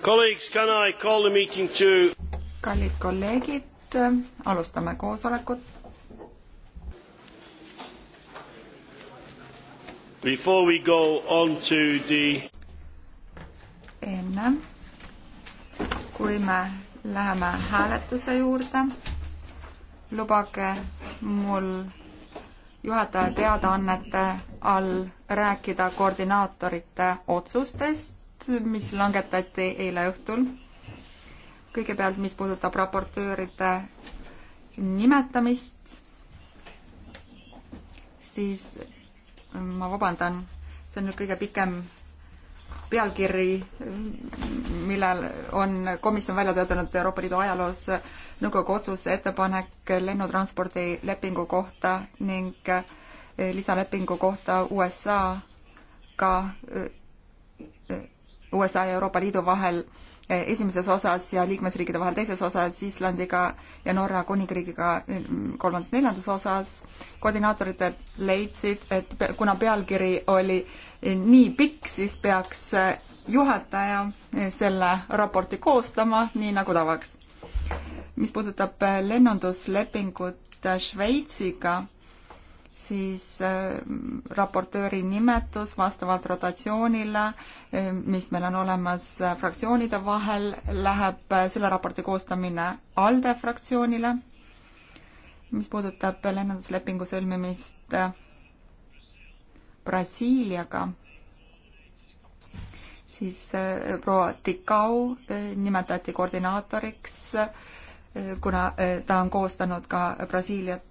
kallid kolleegid, alustame koosolekut. The... enne, kui me läheme hääletuse juurde, lubage mul juhataja teadaannete all rääkida koordinaatorite otsustest mis langetati eile õhtul. kõigepealt, mis puudutab raportööride nimetamist, siis ma vabandan, see on nüüd kõige pikem pealkiri, millel on komisjon välja töötanud Euroopa Liidu ajaloos nõukogu otsuse ettepanek lennutranspordi lepingu kohta ning lisalepingu kohta USA-ga USA ja Euroopa Liidu vahel eh, esimeses osas ja liikmesriikide vahel teises osas, Islandiga ja Norra kuningriigiga eh, kolmandas-neljandas osas. koordinaatorid leidsid, et kuna pealkiri oli eh, nii pikk, siis peaks juhataja selle raporti koostama, nii nagu tavaks. mis puudutab lennunduslepingut Šveitsiga, siis äh, raportööri nimetus vastavalt rotatsioonile, äh, mis meil on olemas äh, fraktsioonide vahel, läheb selle raporti koostamine ALDE fraktsioonile, mis puudutab lennunduslepingu sõlmimist Brasiiliaga, siis proua Tikau nimetati koordinaatoriks äh, kuna äh, ta on koostanud ka Brasiiliat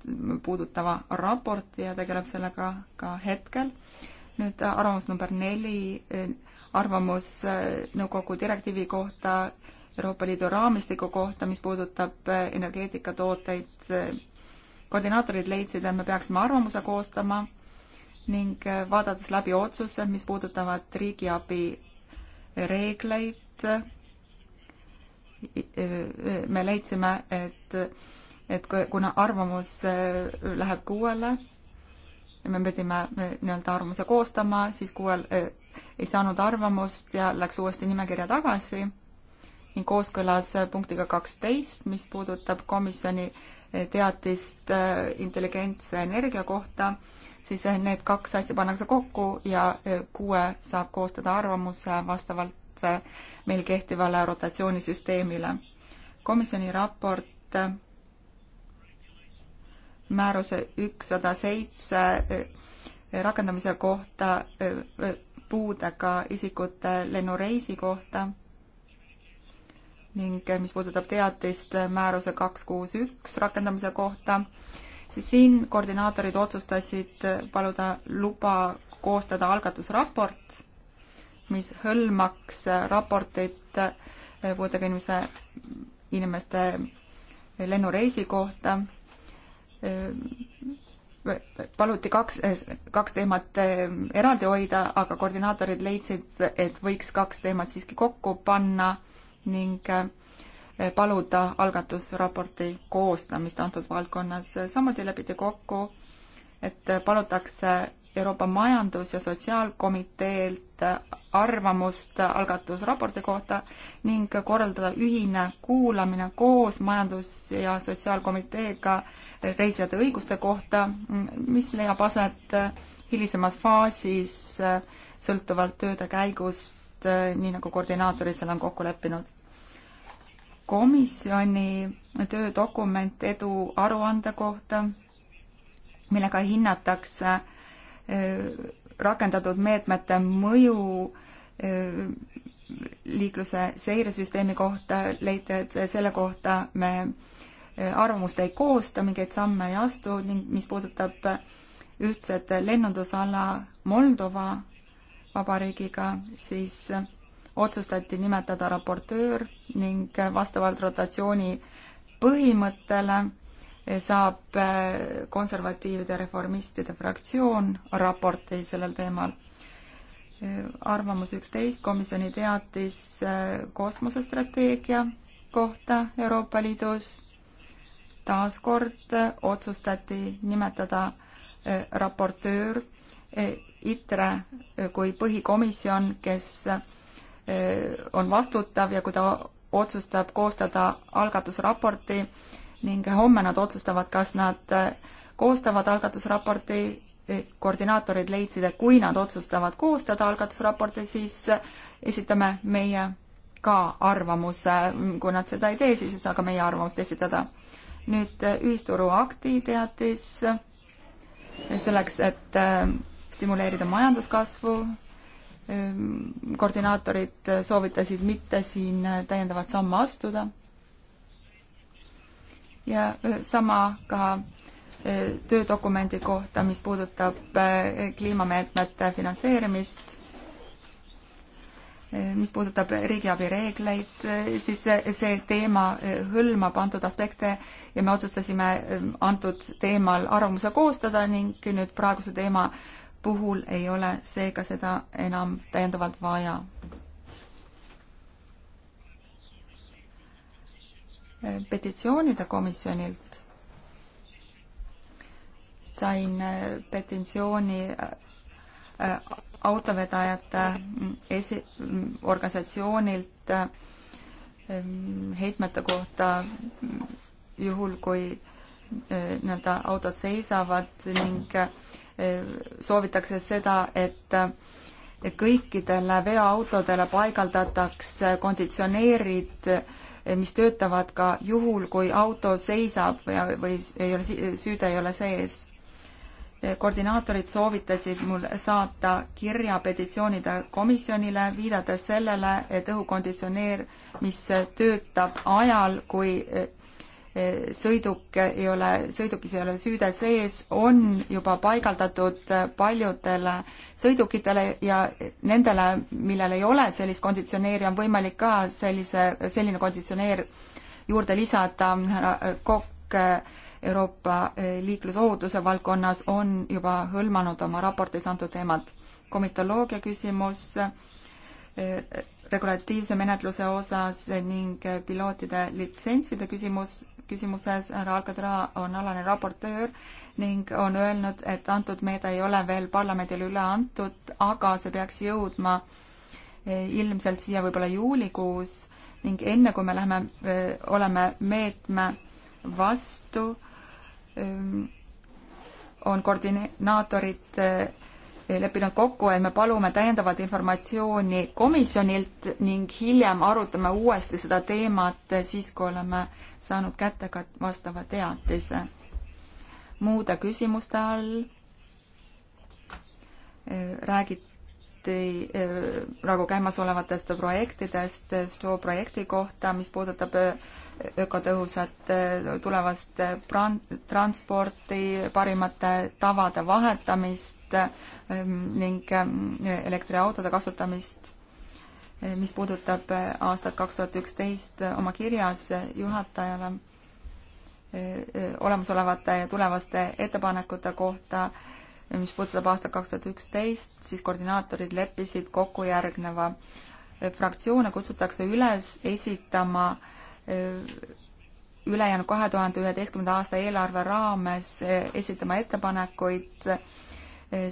puudutava raporti ja tegeleb sellega ka hetkel. nüüd äh, arvamus number neli, äh, arvamus nõukogu direktiivi kohta, Euroopa Liidu raamistiku kohta, mis puudutab energeetikatooteid. koordinaatorid leidsid, et me peaksime arvamuse koostama ning vaadates läbi otsused, mis puudutavad riigiabi reegleid me leidsime, et, et kuna arvamus äh, läheb kuuele, me pidime äh, nii-öelda arvamuse koostama, siis kuuel äh, ei saanud arvamust ja läks uuesti nimekirja tagasi ning kooskõlas punktiga kaksteist, mis puudutab komisjoni teatist intelligentse energia kohta, siis need kaks asja pannakse kokku ja kuue saab koostada arvamuse vastavalt vastavalt meil kehtivale rotatsioonisüsteemile. komisjoni raport määruse ükssada seitse eh, rakendamise kohta eh, eh, puudega isikute lennureisi kohta ning mis puudutab teatist määruse kaks kuus üks rakendamise kohta, siis siin koordinaatorid otsustasid paluda luba koostada algatusraport mis hõlmaks raportit puudega inimese, inimeste lennureisi kohta. paluti kaks, kaks teemat eraldi hoida, aga koordinaatorid leidsid, et võiks kaks teemat siiski kokku panna ning paluda algatusraporti koostamist antud valdkonnas. samuti lepiti kokku, et palutakse Euroopa Majandus- ja Sotsiaalkomiteelt arvamust algatusraporti kohta ning korraldada ühine kuulamine koos Majandus- ja Sotsiaalkomiteega reisijate õiguste kohta, mis leiab aset hilisemas faasis sõltuvalt tööde käigust, nii nagu koordinaatorid seal on kokku leppinud. komisjoni töödokument edu aruande kohta, millega hinnatakse äh, rakendatud meetmete mõju e, liikluse seiresüsteemi kohta, leiti, et selle kohta me e, arvamust ei koosta, mingeid samme ei astu ning mis puudutab ühtset lennundusala Moldova vabariigiga, siis otsustati nimetada raportöör ning vastavalt rotatsiooni põhimõttele saab äh, konservatiivide reformistide fraktsioon raporti sellel teemal. Äh, arvamus üksteist, komisjoni teatis äh, kosmosestrateegia kohta Euroopa Liidus. taas kord otsustati nimetada raportöör ITRE kui põhikomisjon, kes on vastutav ja kui ta otsustab koostada algatusraporti, ning homme nad otsustavad, kas nad äh, koostavad algatusraporti, eh, koordinaatorid leidsid, et kui nad otsustavad koostada algatusraporti, siis äh, esitame meie ka arvamuse, kui nad seda ei tee, siis ei saa ka meie arvamust esitada. nüüd äh, ühisturu akti teatis selleks, et stimuleerida majanduskasvu, koordinaatorid soovitasid mitte siin täiendavat sammu astuda ja sama ka töödokumendi kohta, mis puudutab kliimameetmete finantseerimist, mis puudutab riigiabi reegleid, siis see teema hõlmab antud aspekte ja me otsustasime antud teemal arvamuse koostada ning nüüd praeguse teema puhul ei ole seega seda enam täiendavalt vaja. petitsioonide komisjonilt sain äh, petitsiooni äh, autovedajate mm, esi-, mm, organisatsioonilt äh, mm, heitmete kohta juhul, kui nii-öelda autod seisavad ning soovitakse seda, et kõikidele veoautodele paigaldataks konditsioneerid, mis töötavad ka juhul, kui auto seisab ja, või ei ole, süüde ei ole sees. koordinaatorid soovitasid mul saata kirja petitsioonide komisjonile, viidates sellele, et õhukonditsioneer, mis töötab ajal, kui sõiduk ei ole, sõidukis ei ole süüde sees, on juba paigaldatud paljudele sõidukitele ja nendele, millel ei ole sellist konditsioneeri, on võimalik ka sellise, selline konditsioneer juurde lisada, härra Kokk Euroopa liiklusohutuse valdkonnas on juba hõlmanud oma raportis antud teemat. komitoloogia küsimus, eh, regulatiivse menetluse osas ning pilootide litsentside küsimus, küsimuses, härra Alcatraa on alane raportöör ning on öelnud, et antud meede ei ole veel parlamendile üle antud, aga see peaks jõudma eh, ilmselt siia võib-olla juulikuus ning enne, kui me läheme, eh, oleme meetme vastu, eh, on koordinaatorid leppinud kokku, et me palume täiendavat informatsiooni komisjonilt ning hiljem arutame uuesti seda teemat siis, kui oleme saanud kätte ka vastava teatise. muude küsimuste all äh, räägiti praegu äh, käimasolevatest projektidest, äh, STO projekti kohta, mis puudutab ökotõhusat eh, tulevast eh, transporti, parimate tavade vahetamist ehm, ning ehm, elektriautode kasutamist. Eh, mis puudutab aastat kaks tuhat üksteist oma kirjas juhatajale olemasolevate ja tulevaste ettepanekute kohta, mis puudutab aastat kaks tuhat üksteist, siis koordinaatorid leppisid kokku järgneva. fraktsioone kutsutakse üles esitama äh, Äh, ülejäänud kahe tuhande üheteistkümnenda aasta eelarve raames äh, esitama ettepanekuid. Äh,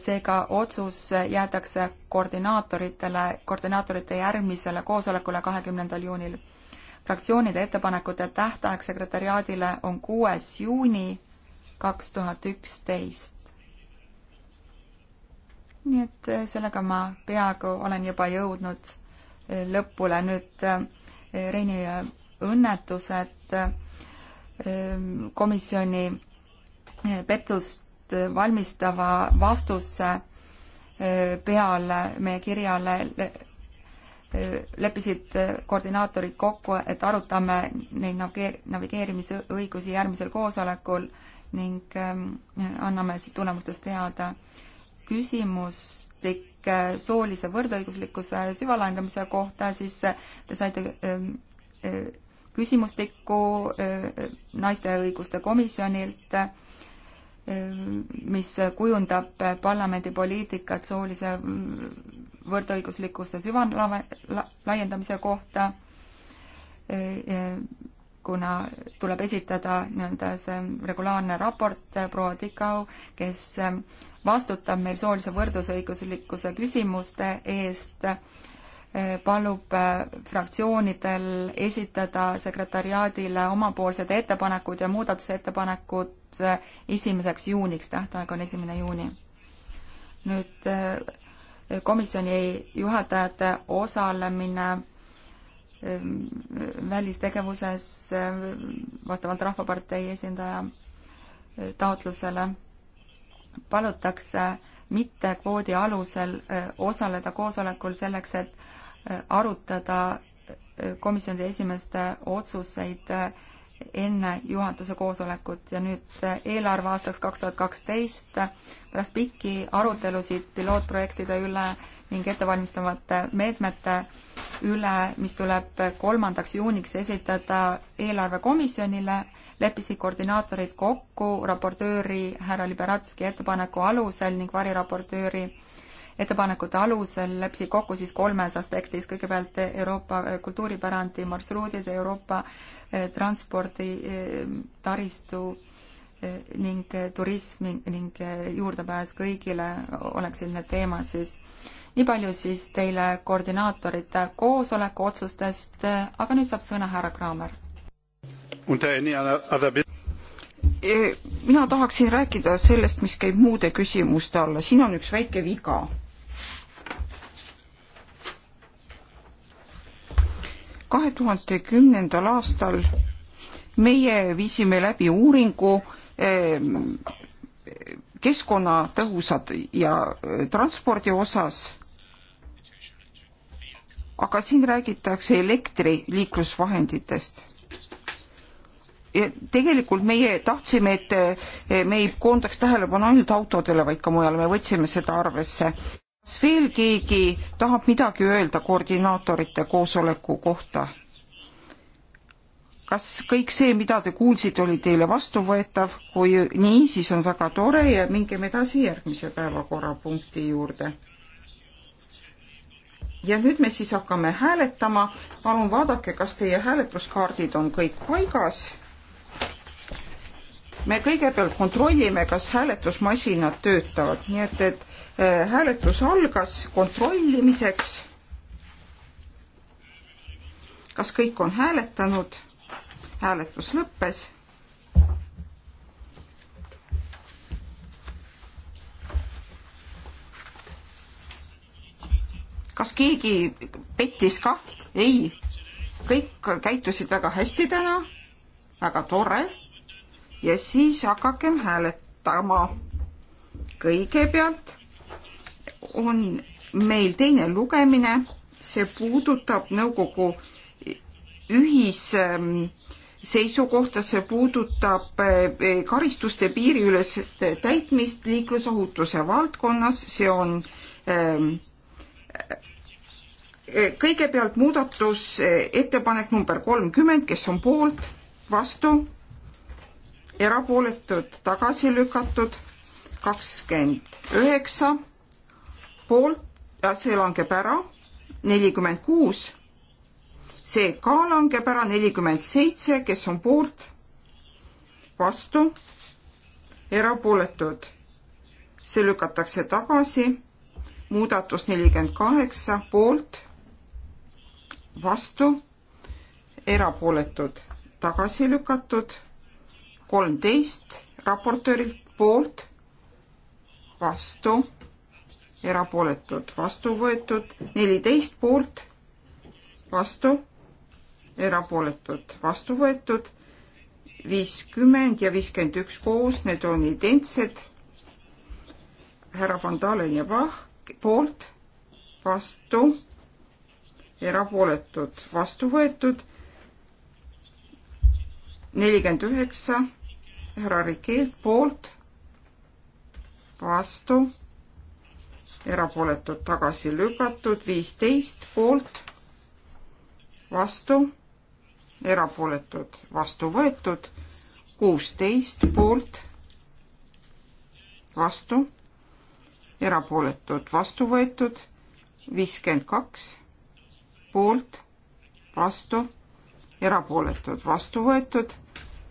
seega otsus jäetakse koordinaatoritele, koordinaatorite järgmisele koosolekule kahekümnendal juunil. fraktsioonide ettepanekute tähtaeg sekretäriaadile on kuues juuni kaks tuhat üksteist. nii et sellega ma peaaegu olen juba jõudnud lõpule nüüd Reini õnnetused ehm, komisjoni pettust valmistava vastuse eh, peale meie kirjale eh, leppisid koordinaatorid kokku, et arutame neid navigeerimisõigusi järgmisel koosolekul ning ehm, anname siis tulemustest teada. küsimustik eh, soolise võrdõiguslikkuse süvalaiendamise kohta, siis te saite ehm, küsimustikku naiste õiguste komisjonilt, mis kujundab parlamendi poliitikat soolise võrdõiguslikkuse süvanlaiendamise la, laiendamise kohta, kuna tuleb esitada nii-öelda see regulaarne raport äh, proua Tikau, kes äh, vastutab meil soolise võrdusõiguslikkuse küsimuste eest palub äh, fraktsioonidel esitada sekretariaadile omapoolsed ettepanekud ja muudatusettepanekud äh, esimeseks juuniks, tähtaeg on esimene juuni. nüüd äh, komisjoni juhatajate osalemine välistegevuses vastavalt Rahvapartei esindaja taotlusele palutakse mitte kvoodi alusel osaleda koosolekul selleks, et arutada äh, komisjonide esimeeste otsuseid äh, enne juhatuse koosolekut ja nüüd äh, eelarve aastaks kaks tuhat kaksteist pärast pikki arutelusid pilootprojektide üle ning ettevalmistavate meetmete üle, mis tuleb kolmandaks juuniks esitada eelarvekomisjonile, leppisid koordinaatorid kokku raportööri härra Liberatski ettepaneku alusel ning variraportööri ettepanekute alusel leppisid kokku siis kolmes aspektis, kõigepealt Euroopa eh, kultuuripärandi marsruudid, Euroopa eh, transpordi eh, taristu ning turism ning juurdepääs kõigile oleksid need teemad siis. nii palju siis teile koordinaatorite koosoleku otsustest, aga nüüd saab sõna härra Kraamer. mina tahaksin rääkida sellest, mis käib muude küsimuste alla, siin on üks väike viga kahe tuhande kümnendal aastal meie viisime läbi uuringu ehm, keskkonnatõhusad ja eh, transpordi osas. aga siin räägitakse elektriliiklusvahenditest tegelikult meie tahtsime, et eh, me ei koondaks tähelepanu ainult autodele, vaid ka mujale, me võtsime seda arvesse kas veel keegi tahab midagi öelda koordinaatorite koosoleku kohta? kas kõik see, mida te kuulsite, oli teile vastuvõetav, kui nii, siis on väga tore ja mingem edasi järgmise päevakorrapunkti juurde. ja nüüd me siis hakkame hääletama, palun vaadake, kas teie hääletuskaardid on kõik paigas. me kõigepealt kontrollime, kas hääletusmasinad töötavad, nii et, et hääletus algas kontrollimiseks. kas kõik on hääletanud? hääletus lõppes kas keegi pettis ka? ei, kõik käitusid väga hästi täna, väga tore. ja siis hakakem hääletama. kõigepealt on meil teine lugemine, see puudutab nõukogu ühisseisukohta, ähm, see puudutab äh, karistuste piiriülest täitmist liiklusohutuse valdkonnas, see on ähm, äh, kõigepealt muudatusettepanek äh, number kolmkümmend, kes on poolt, vastu, erapooletud, tagasi lükatud, kakskümmend üheksa poolt, see langeb ära, nelikümmend kuus, see ka langeb ära, nelikümmend seitse, kes on poolt, vastu, erapooletud, see lükatakse tagasi, muudatus nelikümmend kaheksa, poolt, vastu, erapooletud, tagasi lükatud, kolmteist raportöörilt poolt, vastu erapooletud, vastu võetud, neliteist poolt, vastu, erapooletud, vastu võetud, viiskümmend ja viiskümmend üks koos, need on identsed. härra Van Dalen ja Pah poolt, vastu, erapooletud, vastu võetud, nelikümmend üheksa, härra Rikeelt poolt, vastu erapooletud tagasi lükatud, viisteist poolt, vastu, erapooletud vastu võetud, kuusteist poolt, vastu, erapooletud vastu võetud, viiskümmend kaks poolt, vastu, erapooletud vastu võetud,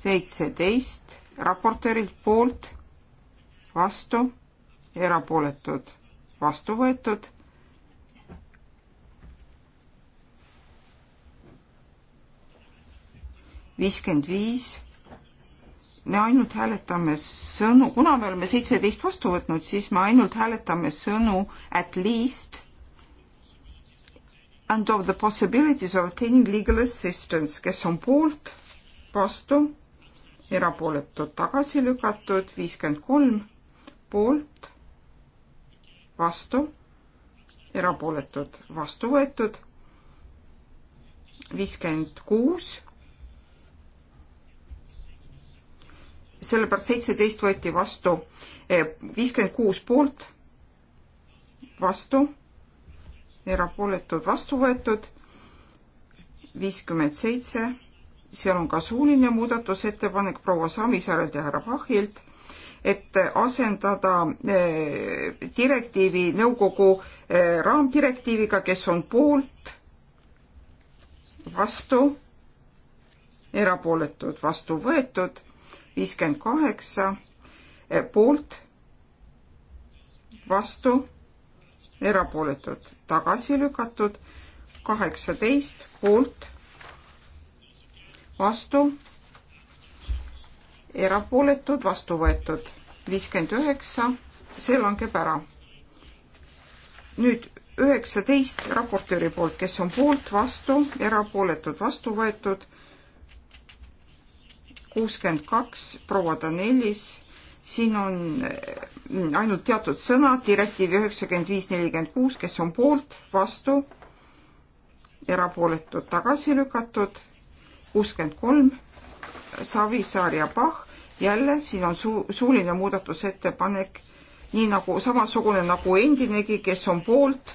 seitseteist raportöörilt poolt, vastu, erapooletud vastu võetud. viiskümmend viis. me ainult hääletame sõnu, kuna me oleme seitseteist vastu võtnud, siis me ainult hääletame sõnu at least and of the possibilities of obtaining legal assistance, kes on poolt, vastu, erapooletud tagasi lükatud, viiskümmend kolm, poolt vastu, erapooletud, vastu võetud, viiskümmend kuus, sellepärast seitseteist võeti vastu, viiskümmend kuus poolt, vastu, erapooletud, vastu võetud, viiskümmend seitse, seal on ka suuline muudatusettepanek proua Savisaarelt ja härra Pahilt et asendada eh, direktiivi nõukogu eh, raamdirektiiviga, kes on poolt, vastu, erapooletud, vastu võetud, viiskümmend kaheksa, eh, poolt, vastu, erapooletud, tagasi lükatud, kaheksateist, poolt, vastu erapooletud, vastu võetud. viiskümmend üheksa, see langeb ära. nüüd üheksateist raportööri poolt, kes on poolt, vastu, erapooletud, vastu võetud. kuuskümmend kaks proua Danelis, siin on mm, ainult teatud sõnad, direktiiv üheksakümmend viis, nelikümmend kuus, kes on poolt, vastu, erapooletud, tagasi lükatud. kuuskümmend kolm, Savisaar ja Pahh, jälle, siin on suu-, suuline muudatusettepanek, nii nagu, samasugune nagu endinegi, kes on poolt,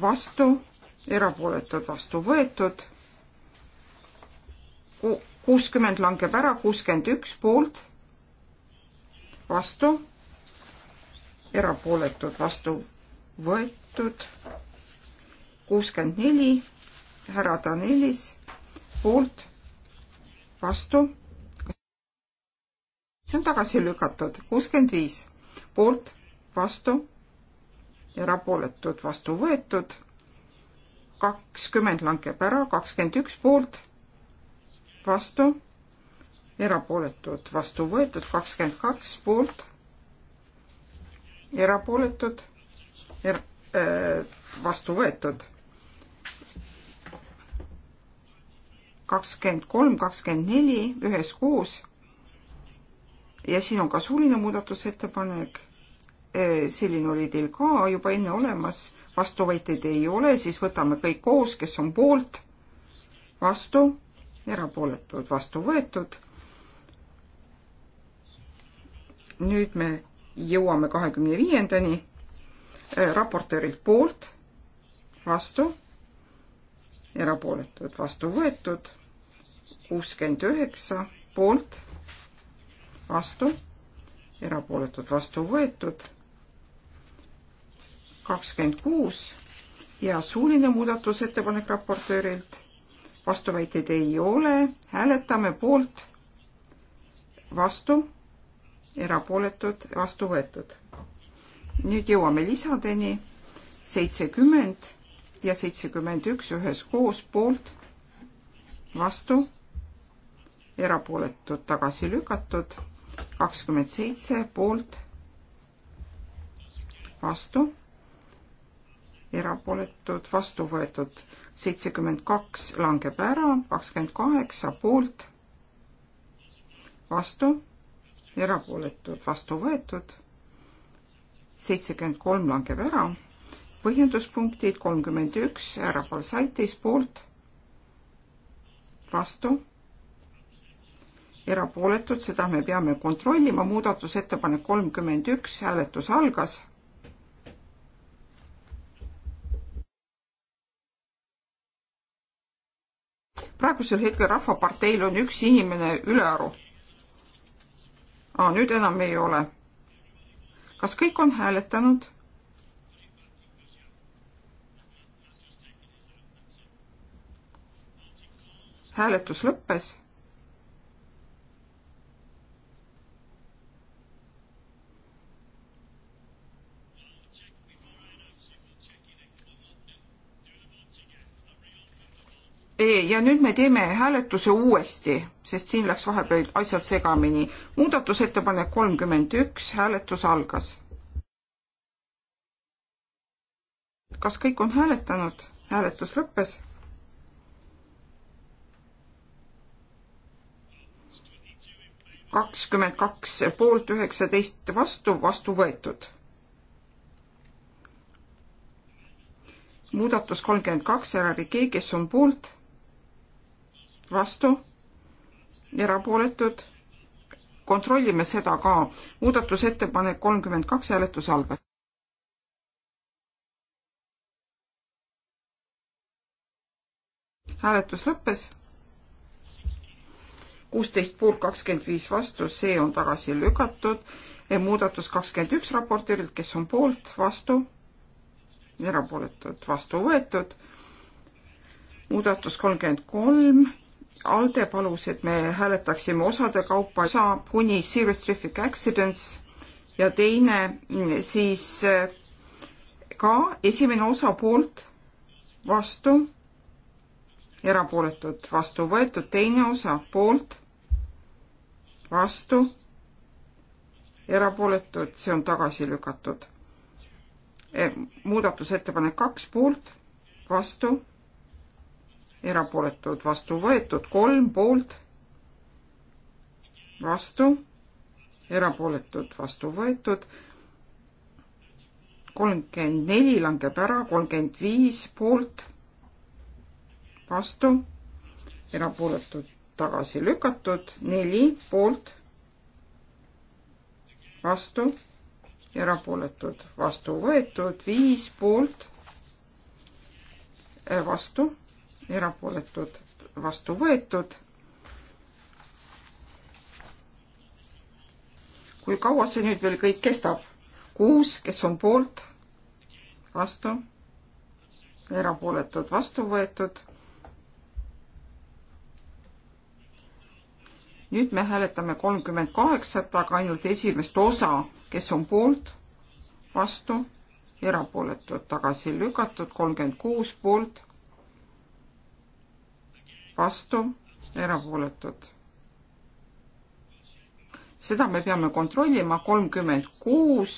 vastu, erapooletud, vastu võetud, kuuskümmend langeb ära, kuuskümmend üks poolt, vastu, erapooletud, vastu võetud, kuuskümmend neli, härra Danelis, poolt, vastu see on tagasi lükatud. kuuskümmend viis poolt, vastu, erapooletud, vastu võetud. kakskümmend langeb ära, kakskümmend üks poolt, vastu, erapooletud, vastu võetud, kakskümmend kaks poolt, erapooletud er,, äh, vastu võetud. kakskümmend kolm, kakskümmend neli üheskoos ja siin on ka suuline muudatusettepanek. selline oli teil ka juba enne olemas, vastuvõtjaid ei ole, siis võtame kõik koos, kes on poolt, vastu, erapooletud, vastu võetud. nüüd me jõuame kahekümne viiendani raportöörilt poolt, vastu, erapooletud, vastu võetud, kuuskümmend üheksa poolt vastu, erapooletud vastu võetud, kakskümmend kuus ja suuline muudatusettepanek raportöörilt. vastuväiteid ei ole, hääletame poolt, vastu, erapooletud, vastu võetud. nüüd jõuame lisadeni seitsekümmend ja seitsekümmend üks üheskoos poolt, vastu, erapooletud, tagasi lükatud kakskümmend seitse poolt, vastu, erapooletud, vastu võetud seitsekümmend kaks langeb ära, kakskümmend kaheksa poolt, vastu, erapooletud, vastu võetud, seitsekümmend kolm langeb ära, põhjenduspunktid kolmkümmend üks, härra Balsaitis poolt, vastu erapooletud, seda me peame kontrollima, muudatusettepanek kolmkümmend üks, hääletus algas. praegusel hetkel Rahvaparteil on üks inimene ülearu. nüüd enam ei ole. kas kõik on hääletanud? hääletus lõppes E ja nüüd me teeme hääletuse uuesti, sest siin läks vahepeal asjad segamini. muudatusettepanek kolmkümmend üks, hääletus algas. kas kõik on hääletanud? hääletus lõppes kakskümmend kaks poolt üheksateist vastu, vastu võetud. muudatus kolmkümmend kaks, härra Rikei, kes on poolt, vastu, erapooletud, kontrollime seda ka. muudatusettepanek kolmkümmend kaks, hääletus algas. hääletus lõppes. kuusteist poolt kakskümmend viis vastu, see on tagasi lükatud. muudatus kakskümmend üks raportöörilt, kes on poolt, vastu, erapooletud, vastu võetud. muudatus kolmkümmend kolm ALDE palus, et me hääletaksime osade kaupa osa kuni serious traffic accidents ja teine mm, siis eh, ka esimene osa poolt vastu, erapooletud vastu võetud, teine osa poolt vastu, erapooletud, see on tagasi lükatud. Eh, muudatusettepanek kaks poolt vastu erapooletud vastu võetud, kolm poolt, vastu, erapooletud vastu võetud, kolmkümmend neli langeb ära, kolmkümmend viis poolt, vastu, erapooletud tagasi lükatud, neli poolt, vastu, erapooletud vastu võetud, viis poolt, äh, vastu erapooletud, vastu võetud. kui kaua see nüüd veel kõik kestab? kuus, kes on poolt, vastu, erapooletud, vastu võetud. nüüd me hääletame kolmkümmend kaheksat, aga ainult esimest osa, kes on poolt, vastu, erapooletud, tagasi lükatud, kolmkümmend kuus poolt vastu, erapooletud. seda me peame kontrollima, kolmkümmend kuus,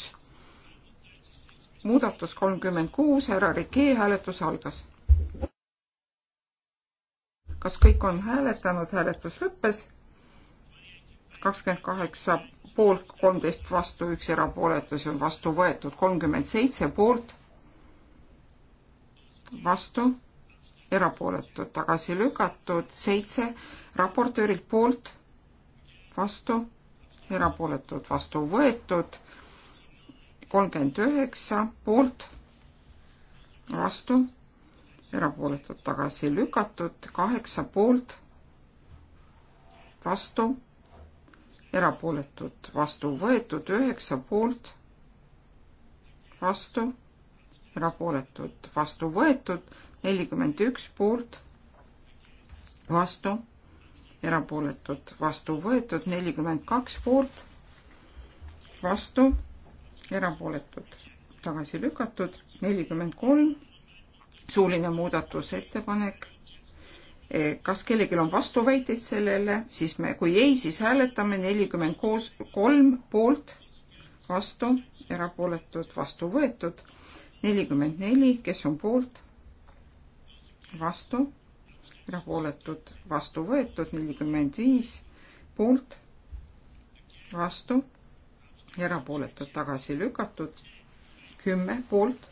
muudatus kolmkümmend kuus, härra Rikee hääletus algas. kas kõik on hääletanud, hääletus lõppes kakskümmend kaheksa poolt, kolmteist vastu, üks erapooletu, see on vastu võetud, kolmkümmend seitse poolt, vastu, erapooletud, tagasi lükatud, seitse raportöörilt poolt, vastu, erapooletud, vastu võetud, kolmkümmend üheksa poolt, vastu, erapooletud, tagasi lükatud, kaheksa poolt, vastu, erapooletud, vastu võetud, üheksa poolt, vastu, erapooletud, vastu võetud, nelikümmend üks poolt, vastu, erapooletud, vastu võetud, nelikümmend kaks poolt, vastu, erapooletud, tagasi lükatud, nelikümmend kolm, suuline muudatusettepanek. Eh, kas kellelgi on vastuväiteid sellele, siis me, kui ei, siis hääletame nelikümmend koos, kolm poolt, vastu, erapooletud, vastu võetud, nelikümmend neli, kes on poolt vastu, erapooletud, vastu võetud, nelikümmend viis poolt, vastu, erapooletud, tagasi lükatud, kümme poolt,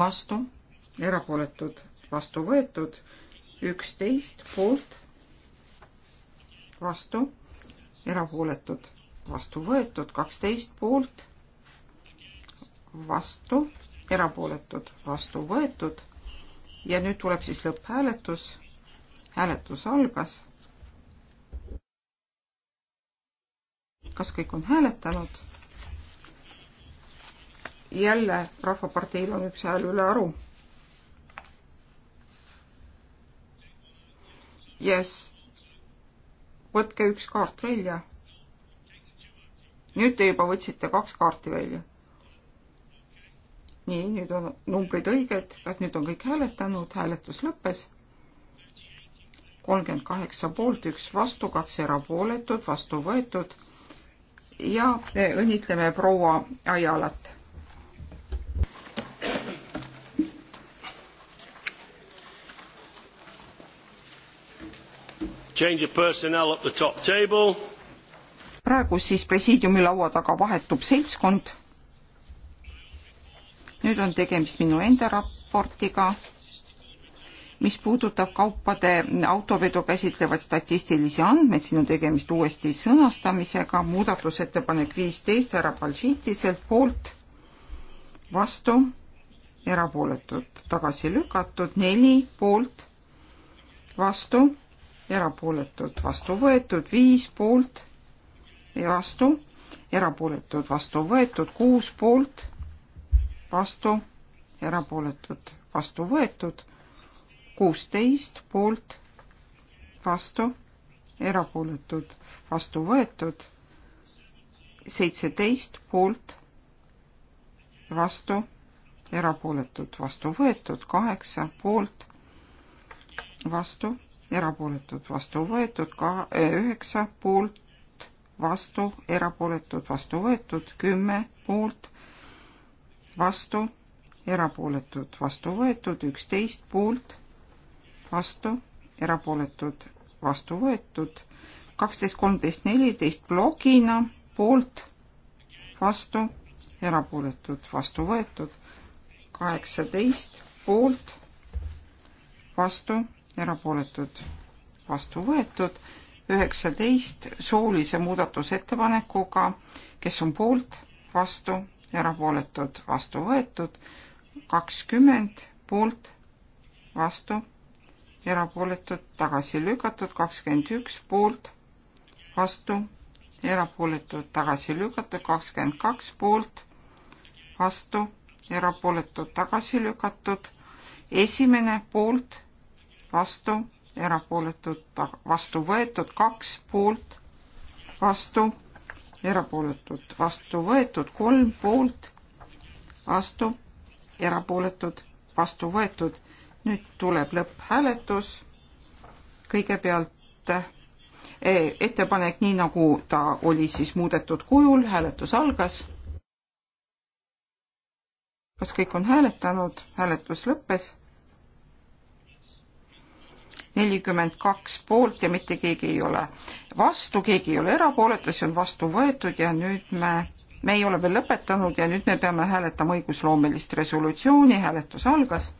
vastu, erapooletud, vastu võetud, üksteist poolt, vastu, erapooletud, vastu võetud, kaksteist poolt, vastu, erapooletud, vastu võetud ja nüüd tuleb siis lõpphääletus. hääletus algas. kas kõik on hääletanud? jälle Rahvaparteil on üks hääl ülearu. jess, võtke üks kaart välja. nüüd te juba võtsite kaks kaarti välja nii, nüüd on numbrid õiged, kas nüüd on kõik hääletanud, hääletus lõppes. kolmkümmend kaheksa poolt, üks vastu, kaks erapooletut, vastu võetud ja õnnitleme proua Ajalat praegu siis presiidiumi laua taga vahetub seltskond nüüd on tegemist minu enda raportiga, mis puudutab kaupade autovedu käsitlevaid statistilisi andmeid, siin on tegemist uuesti sõnastamisega, muudatusettepanek viisteist härra Balšitiselt poolt, vastu, erapooletud, tagasi lükatud, neli poolt, vastu, erapooletud, vastu võetud, viis poolt, vastu, erapooletud, vastu võetud, kuus poolt vastu, erapooletud, vastu võetud, kuusteist poolt, vastu, erapooletud, vastu võetud, seitseteist poolt, vastu, erapooletud, vastu võetud, kaheksa poolt, vastu, erapooletud, vastu võetud, ka üheksa poolt, vastu, erapooletud, vastu võetud, kümme poolt, vastu, erapooletud, vastu võetud, üksteist poolt, vastu, erapooletud, vastu võetud, kaksteist, kolmteist, neliteist plokina, poolt, vastu, erapooletud, vastu võetud, kaheksateist poolt, vastu, erapooletud, vastu võetud, üheksateist soolise muudatusettepanekuga, kes on poolt, vastu, erapooletud, vastu võetud, kakskümmend poolt, vastu, erapooletud, tagasi lükatud, kakskümmend üks poolt, vastu, erapooletud, tagasi lükatud, kakskümmend kaks poolt, vastu, erapooletud, tagasi lükatud, esimene poolt, vastu, erapooletud, vastu võetud, kaks poolt, vastu erapooletud, vastu võetud, kolm poolt, vastu, erapooletud, vastu võetud. nüüd tuleb lõpphääletus. kõigepealt eh, ettepanek, nii nagu ta oli siis muudetud kujul, hääletus algas. kas kõik on hääletanud, hääletus lõppes nelikümmend kaks poolt ja mitte keegi ei ole vastu, keegi ei ole erapooletu, see on vastu võetud ja nüüd me, me ei ole veel lõpetanud ja nüüd me peame hääletama õigusloomelist resolutsiooni, hääletus algas.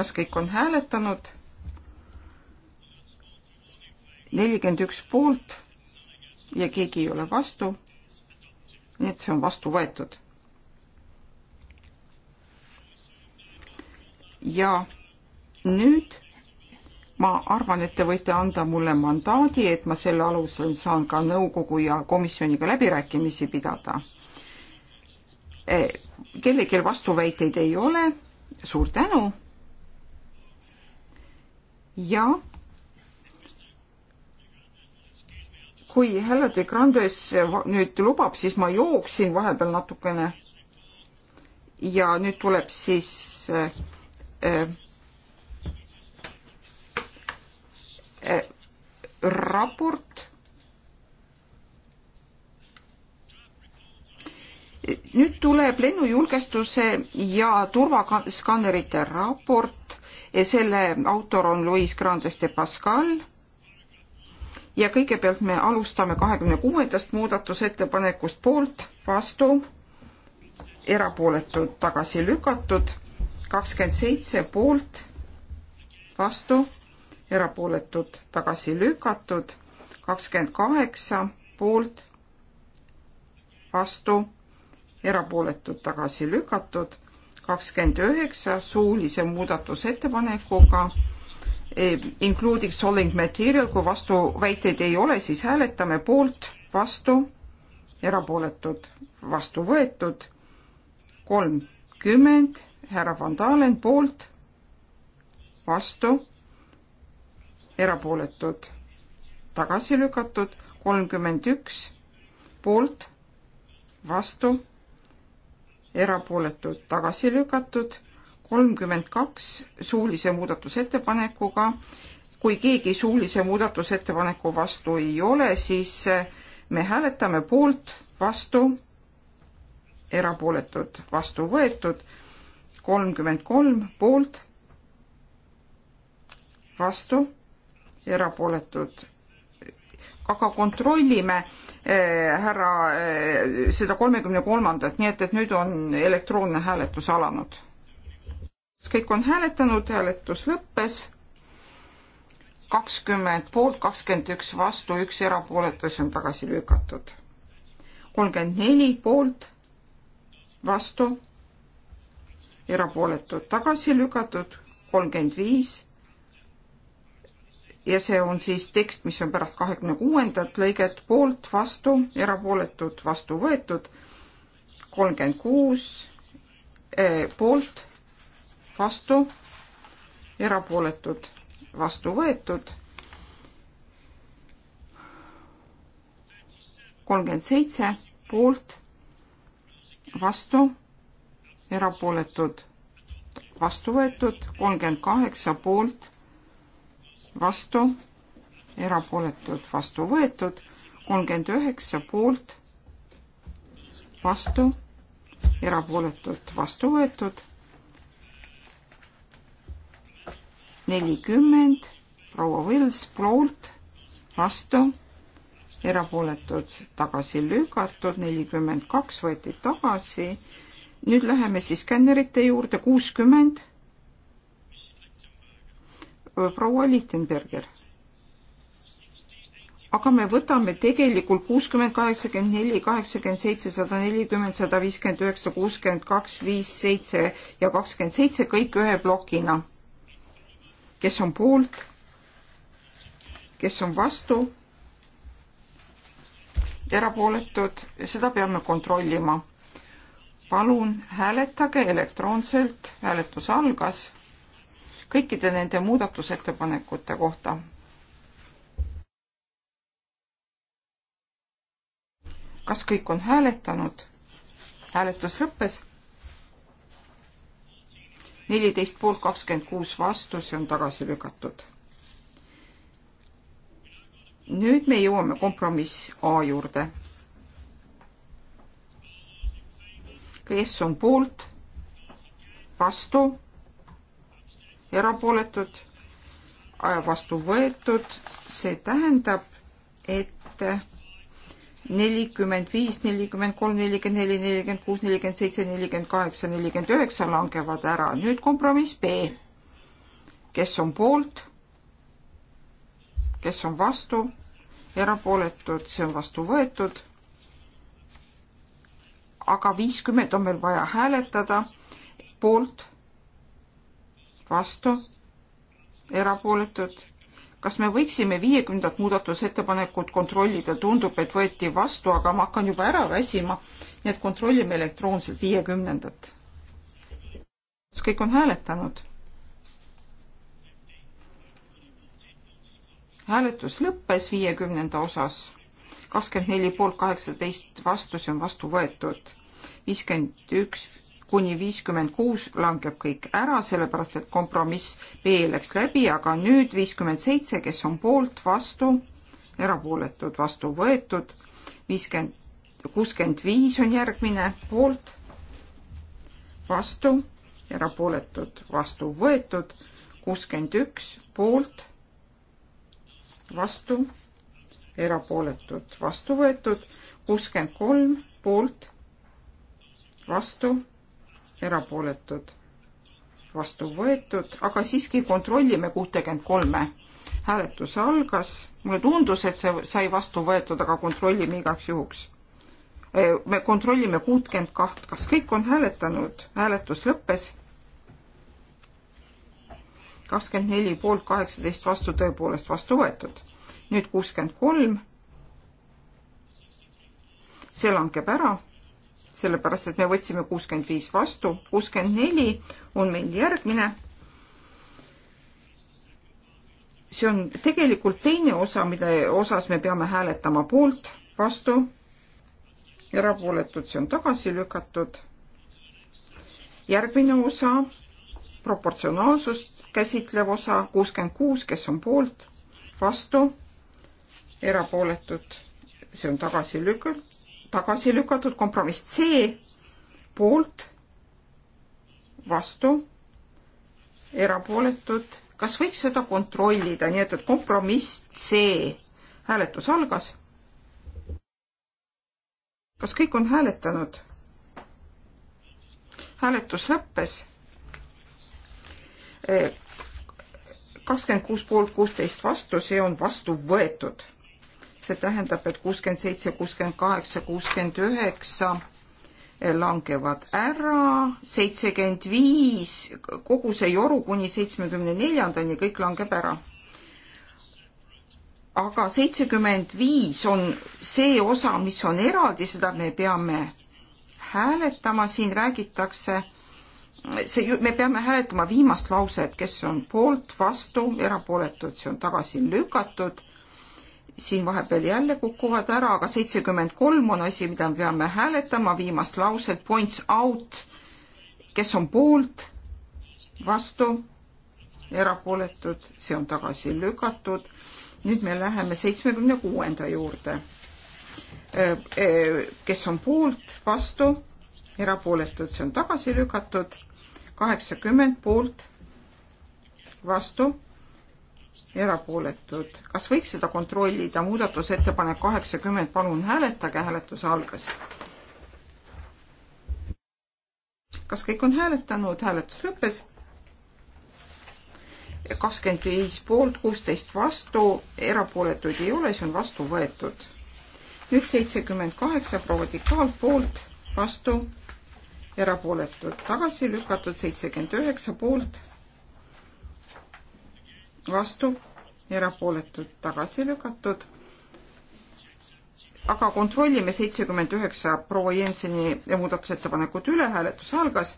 kas kõik on hääletanud? nelikümmend üks poolt ja keegi ei ole vastu. nii et see on vastu võetud ja nüüd ma arvan, et te võite anda mulle mandaadi, et ma selle alusel saan ka nõukogu ja komisjoniga läbirääkimisi pidada. E, kellelgi vastuväiteid ei ole, suur tänu. ja kui Helle de Grandes nüüd lubab, siis ma jooksin vahepeal natukene. ja nüüd tuleb siis äh, Äh, äh, raport. nüüd tuleb lennujulgestuse ja turvaskannerite raport. selle autor on Louis Grandes de Pascal. ja kõigepealt me alustame kahekümne kuuendast muudatusettepanekust poolt, vastu, erapooletud, tagasi lükatud kakskümmend seitse poolt, vastu, erapooletud, tagasi lükatud, kakskümmend kaheksa poolt, vastu, erapooletud, tagasi lükatud, kakskümmend üheksa suulise muudatusettepanekuga e, including solid material, kui vastuväiteid ei ole, siis hääletame poolt, vastu, erapooletud, vastu võetud, kolmkümmend härra Van Dalen poolt, vastu, erapooletud, tagasi lükatud, kolmkümmend üks poolt, vastu, erapooletud, tagasi lükatud, kolmkümmend kaks suulise muudatusettepanekuga. kui keegi suulise muudatusettepaneku vastu ei ole, siis eh, me hääletame poolt, vastu, erapooletud, vastu võetud kolmkümmend kolm poolt, vastu, erapooletud. aga kontrollime äh, härra äh, seda kolmekümne kolmandat, nii et, et nüüd on elektroonne hääletus alanud. kõik on hääletanud, hääletus lõppes kakskümmend poolt, kakskümmend üks vastu, üks erapooletus on tagasi lükatud. kolmkümmend neli poolt, vastu, erapooletud tagasi lükatud, kolmkümmend viis. ja see on siis tekst, mis on pärast kahekümne kuuendat lõiget poolt, vastu, erapooletud, vastu võetud, kolmkümmend kuus eh, poolt, vastu, erapooletud, vastu võetud, kolmkümmend seitse poolt, vastu erapooletud, vastu võetud, kolmkümmend kaheksa poolt, vastu, erapooletud, vastu võetud, kolmkümmend üheksa poolt, vastu, erapooletult vastu võetud, nelikümmend, proua Vils poolt, vastu, erapooletud tagasi lükatud, nelikümmend kaks võeti tagasi nüüd läheme siis skännerite juurde, kuuskümmend. proua Lichtenberger. aga me võtame tegelikult kuuskümmend, kaheksakümmend neli, kaheksakümmend seitse, sada nelikümmend, sada viiskümmend üheksa, kuuskümmend kaks, viis, seitse ja kakskümmend seitse kõik ühe plokina. kes on poolt? kes on vastu? erapooletud, seda peame kontrollima palun hääletage elektroonselt, hääletus algas kõikide nende muudatusettepanekute kohta. kas kõik on hääletanud? hääletus lõppes. neliteist poolt kakskümmend kuus vastu, see on tagasi lükatud. nüüd me jõuame kompromiss A juurde kes on poolt, vastu, erapooletud, vastu võetud, see tähendab, et nelikümmend viis, nelikümmend kolm, nelikümmend neli, nelikümmend kuus, nelikümmend seitse, nelikümmend kaheksa, nelikümmend üheksa langevad ära. nüüd kompromiss B. kes on poolt, kes on vastu, erapooletud, see on vastu võetud aga viiskümmend on meil vaja hääletada poolt, vastu, erapooletud. kas me võiksime viiekümnendat muudatusettepanekut kontrollida, tundub, et võeti vastu, aga ma hakkan juba ära väsima, nii et kontrollime elektroonselt viiekümnendat. kas kõik on hääletanud? hääletus lõppes viiekümnenda osas, kakskümmend neli poolt kaheksateist vastu, see on vastu võetud viiskümmend üks kuni viiskümmend kuus langeb kõik ära, sellepärast et kompromiss B läks läbi, aga nüüd viiskümmend seitse, kes on poolt, vastu, erapooletud, vastu võetud, viiskümmend, kuuskümmend viis on järgmine, poolt, vastu, erapooletud, vastu võetud, kuuskümmend üks, poolt, vastu, erapooletud, vastu võetud, kuuskümmend kolm, poolt vastu, erapooletud, vastu võetud, aga siiski kontrollime kuutekümmet kolme. hääletus algas, mulle tundus, et see sai vastu võetud, aga kontrollime igaks juhuks. Äh, me kontrollime kuutkümmend kaht, kas kõik on hääletanud, hääletus lõppes. kakskümmend neli poolt, kaheksateist vastu, tõepoolest vastu võetud. nüüd kuuskümmend kolm see langeb ära sellepärast et me võtsime kuuskümmend viis vastu, kuuskümmend neli on meil järgmine. see on tegelikult teine osa, mille osas me peame hääletama poolt, vastu, erapooletud, see on tagasi lükatud. järgmine osa, proportsionaalsust käsitlev osa, kuuskümmend kuus, kes on poolt, vastu, erapooletud, see on tagasi lükatud tagasi lükatud, kompromiss C poolt, vastu, erapooletud. kas võiks seda kontrollida, nii et, et kompromiss C, hääletus algas. kas kõik on hääletanud? hääletus lõppes eh, kakskümmend kuus poolt kuusteist vastu, see on vastu võetud see tähendab, et kuuskümmend seitse, kuuskümmend kaheksa, kuuskümmend üheksa langevad ära, seitsekümmend viis, kogu see joru kuni seitsmekümne neljandani, kõik langeb ära. aga seitsekümmend viis on see osa, mis on eraldi, seda me peame hääletama, siin räägitakse, see, me peame hääletama viimast lauset, kes on poolt, vastu, erapooletud, see on tagasi lükatud siin vahepeal jälle kukuvad ära, aga seitsekümmend kolm on asi, mida me peame hääletama, viimast lauset, points out, kes on poolt, vastu, erapooletud, see on tagasi lükatud. nüüd me läheme seitsmekümne kuuenda juurde. Äh, äh, kes on poolt, vastu, erapooletud, see on tagasi lükatud, kaheksakümmend poolt, vastu erapooletud. kas võiks seda kontrollida? muudatusettepanek kaheksakümmend, palun hääletage, hääletus algas. kas kõik on hääletanud, hääletus lõppes? kakskümmend viis poolt, kuusteist vastu, erapooletuid ei ole, see on vastu võetud. nüüd seitsekümmend kaheksa proua dikaalt poolt, vastu, erapooletud, tagasi lükatud seitsekümmend üheksa poolt vastu, erapooletud tagasi lükatud. aga kontrollime seitsekümmend üheksa proua Jenseni muudatusettepanekut üle, hääletus algas.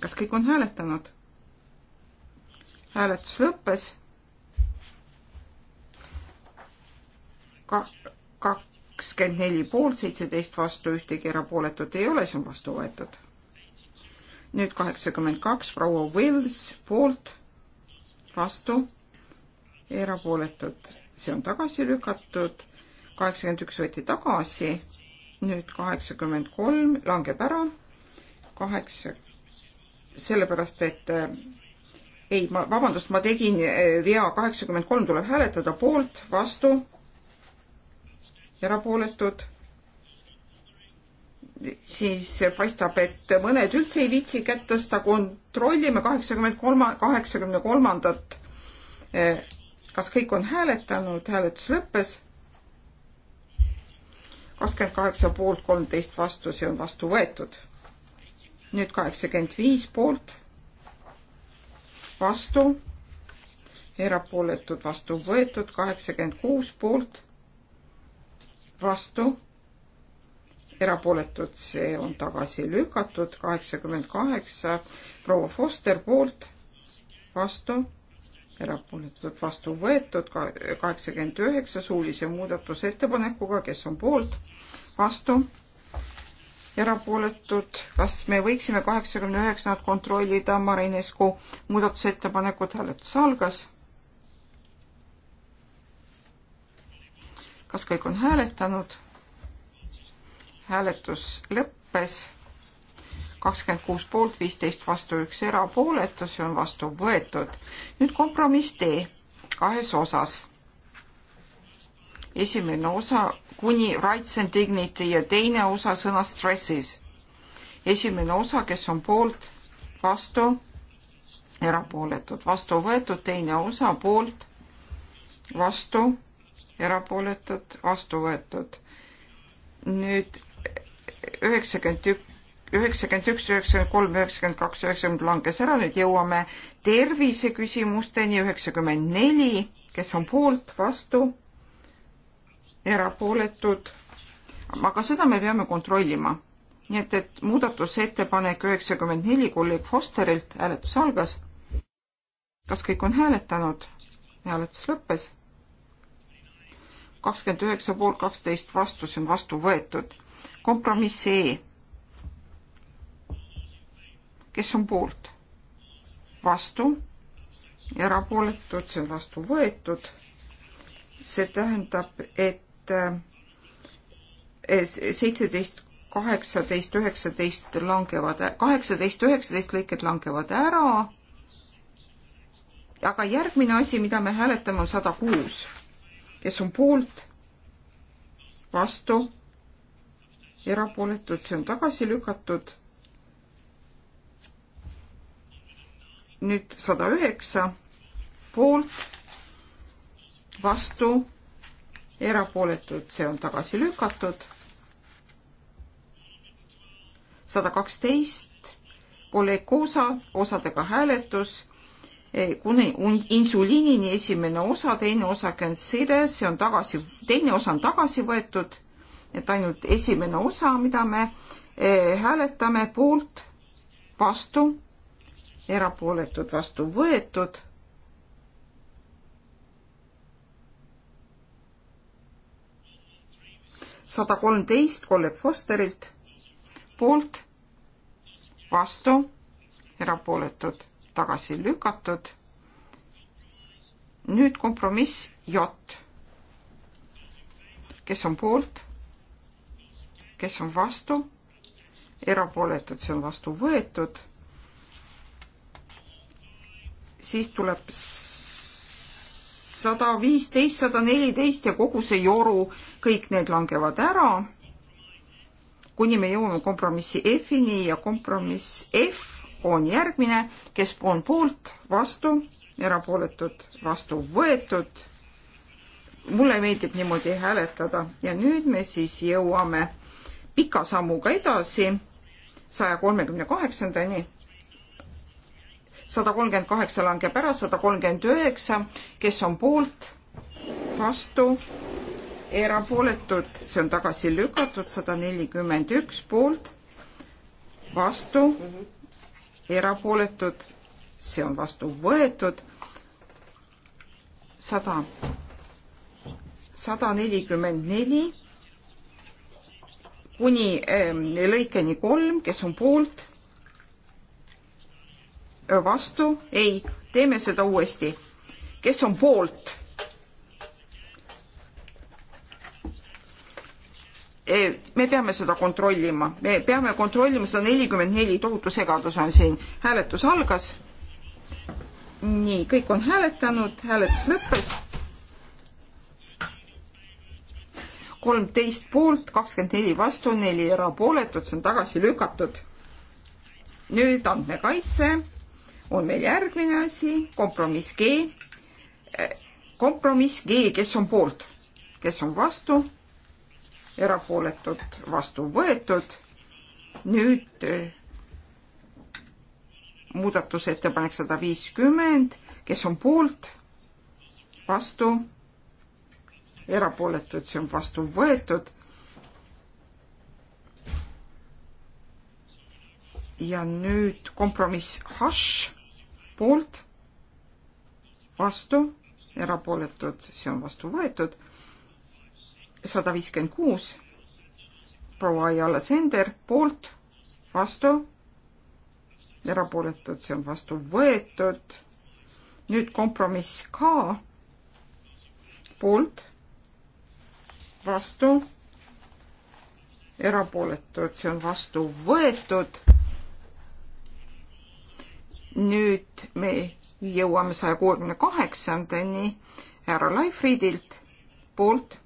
kas kõik on hääletanud? hääletus lõppes. ka-, kakskümmend neli poolt, seitseteist vastu, ühtegi erapooletut ei ole, see on vastu võetud. nüüd kaheksakümmend kaks proua Wills poolt vastu, erapooletud, see on tagasi lükatud, kaheksakümmend üks võeti tagasi, nüüd kaheksakümmend kolm langeb ära, kaheksa, sellepärast et äh, ei, ma, vabandust, ma tegin äh, vea, kaheksakümmend kolm tuleb hääletada poolt, vastu, erapooletud siis paistab, et mõned üldse ei viitsi kätt tõsta, kontrollime kaheksakümmend kolma, kaheksakümne kolmandat. Eh, kas kõik on hääletanud, hääletus lõppes. kakskümmend kaheksa poolt, kolmteist vastu, see on vastu võetud. nüüd kaheksakümmend viis poolt, vastu, erapooletud, vastu võetud, kaheksakümmend kuus poolt, vastu erapooletud, see on tagasi lükatud, kaheksakümmend kaheksa, proua Foster poolt, vastu, erapooletud, vastu võetud, kaheksakümmend üheksa suulise muudatusettepanekuga, kes on poolt, vastu, erapooletud, kas me võiksime kaheksakümne üheksandat kontrollida, Marinescu muudatusettepanekut, hääletus algas. kas kõik on hääletanud? hääletus lõppes. kakskümmend kuus poolt, viisteist vastu, üks erapooletu, see on vastu võetud. nüüd kompromiss D kahes osas. esimene osa kuni rights and dignity ja teine osa sõna stresses. esimene osa, kes on poolt, vastu, erapooletud, vastu võetud, teine osa poolt, vastu, erapooletud, vastu võetud nüüd üheksakümmend üks, üheksakümmend üks, üheksakümmend kolm, üheksakümmend kaks, üheksakümmend langes ära, nüüd jõuame terviseküsimusteni, üheksakümmend neli, kes on poolt, vastu, erapooletud, aga seda me peame kontrollima. nii et, et muudatusettepanek üheksakümmend neli kolleeg Fosterilt, hääletus algas. kas kõik on hääletanud? hääletus lõppes kakskümmend üheksa poolt kaksteist vastu, see on vastu võetud kompromiss E. kes on poolt? vastu, erapooletud, see on vastu võetud. see tähendab, et eh, eh, seitseteist, kaheksateist, üheksateist langevad, kaheksateist, üheksateist lõiked langevad ära. aga järgmine asi, mida me hääletame, on sada kuus, kes on poolt, vastu erapooletud, see on tagasi lükatud. nüüd sada üheksa poolt, vastu, erapooletud, see on tagasi lükatud. sada kaksteist kolleeg Koosa osadega hääletus eh, kuni insuliinini esimene osa, teine osa consider, see on tagasi, teine osa on tagasi võetud et ainult esimene osa, mida me eh, hääletame poolt, vastu, erapooletud, vastu võetud. sada kolmteist kolleeg Fosterilt, poolt, vastu, erapooletud, tagasi lükatud. nüüd kompromiss J. kes on poolt kes on vastu, erapooletud, see on vastu võetud. siis tuleb sada viisteist, sada neliteist ja kogu see joru, kõik need langevad ära. kuni me jõuame kompromissi F-ini ja kompromiss F on järgmine, kes on poolt, vastu, erapooletud, vastu võetud. mulle meeldib niimoodi hääletada ja nüüd me siis jõuame pika sammuga edasi saja kolmekümne kaheksandani. sada kolmkümmend kaheksa langeb ära, sada kolmkümmend üheksa, kes on poolt, vastu, erapooletud, see on tagasi lükatud, sada nelikümmend üks poolt, vastu, erapooletud, see on vastu võetud, sada, sada nelikümmend neli kuni ähm, lõikeni kolm, kes on poolt, äh, vastu, ei, teeme seda uuesti. kes on poolt? Äh, me peame seda kontrollima, me peame kontrollima sada nelikümmend neli, tohutu segadus on siin, hääletus algas. nii, kõik on hääletanud, hääletus lõppes kolmteist poolt, kakskümmend neli vastu, neli erapooletut, see on tagasi lükatud. nüüd andmekaitse on meil järgmine asi, kompromiss G. kompromiss G, kes on poolt, kes on vastu, erapooletud, vastu võetud. nüüd äh, muudatusettepanek sada viiskümmend, kes on poolt, vastu erapooletud, see on vastu võetud. ja nüüd kompromiss hash poolt, vastu, erapooletud, see on vastu võetud. sada viiskümmend kuus, proua Ayala Sender poolt, vastu, erapooletud, see on vastu võetud. nüüd kompromiss ka poolt vastu, erapooletud, see on vastu võetud. nüüd me jõuame saja kuuekümne kaheksandani härra Laifridilt, poolt,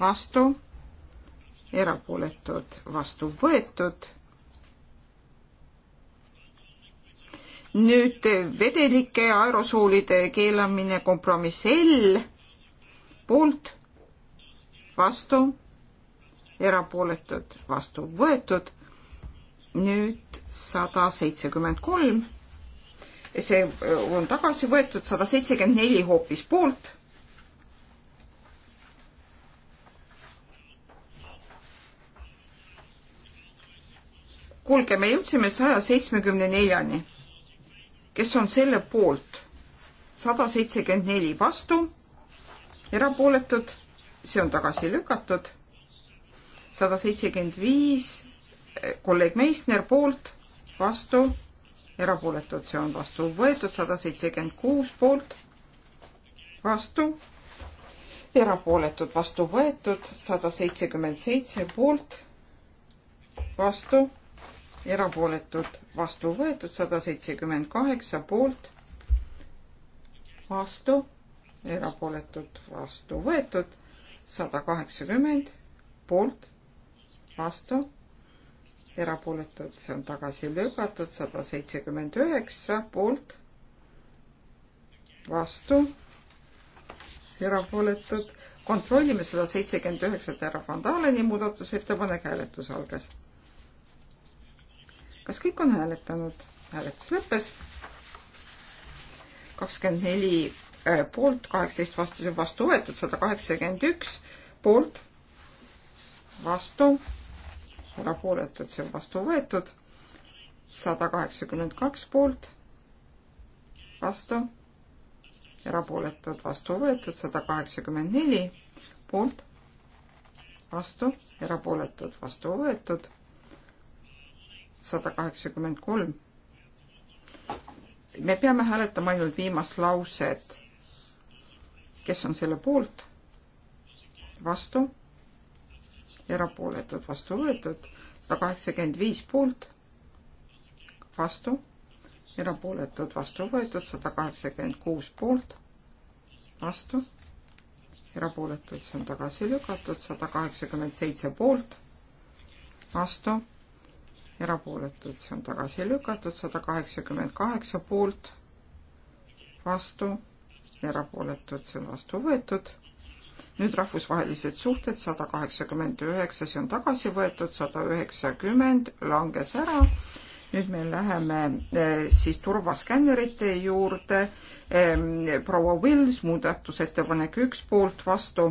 vastu, erapooletud, vastu võetud nüüd vedelike aerosoolide keelamine kompromiss L poolt vastu, erapooletud, vastu võetud. nüüd sada seitsekümmend kolm. see on tagasi võetud, sada seitsekümmend neli hoopis poolt. kuulge, me jõudsime saja seitsmekümne neljani. kes on selle poolt? sada seitsekümmend neli vastu, erapooletud see on tagasi lükatud. sada seitsekümmend viis, kolleeg Meissner poolt, vastu, erapooletud, see on vastu võetud, sada seitsekümmend kuus poolt, vastu, erapooletud, vastu võetud, sada seitsekümmend seitse poolt, vastu, erapooletud, vastu võetud, sada seitsekümmend kaheksa poolt, vastu erapooletud vastu võetud, sada kaheksakümmend poolt, vastu, erapooletud, see on tagasi lükatud, sada seitsekümmend üheksa poolt, vastu, erapooletud. kontrollime sada seitsekümmend üheksat härra Van Daleni muudatusettepanek, hääletus algas. kas kõik on hääletanud? hääletus lõppes. kakskümmend neli Äh, poolt, kaheksateist vastu, see on vastu võetud, sada kaheksakümmend üks poolt, vastu, erapooletud, see on vastu võetud, sada kaheksakümmend kaks poolt, vastu, erapooletud, vastu võetud, sada kaheksakümmend neli poolt, vastu, erapooletud, vastu võetud, sada kaheksakümmend kolm me peame hääletama ainult viimast lauset kes on selle poolt, vastu, erapooletud, vastu võetud, sada kaheksakümmend viis poolt, vastu, erapooletud, vastu võetud, sada kaheksakümmend kuus poolt, vastu, erapooletud, see on tagasi lükatud, sada kaheksakümmend seitse poolt, vastu, erapooletud, see on tagasi lükatud, sada kaheksakümmend kaheksa poolt, vastu erapooletud, see on vastu võetud. nüüd rahvusvahelised suhted sada kaheksakümmend üheksa, see on tagasi võetud, sada üheksakümmend langes ära. nüüd me läheme eh, siis turvaskännerite juurde. proua Vils, muudatusettepanek üks poolt vastu,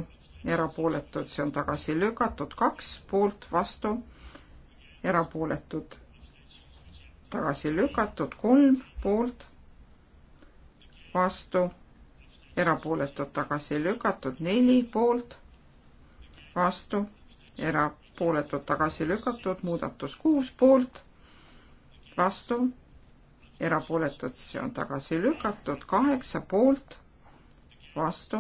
erapooletud, see on tagasi lükatud, kaks poolt vastu, erapooletud, tagasi lükatud, kolm poolt vastu erapooletud tagasi lükatud, neli poolt, vastu, erapooletud tagasi lükatud, muudatus kuus poolt, vastu, erapooletud, see on tagasi lükatud, kaheksa poolt, vastu,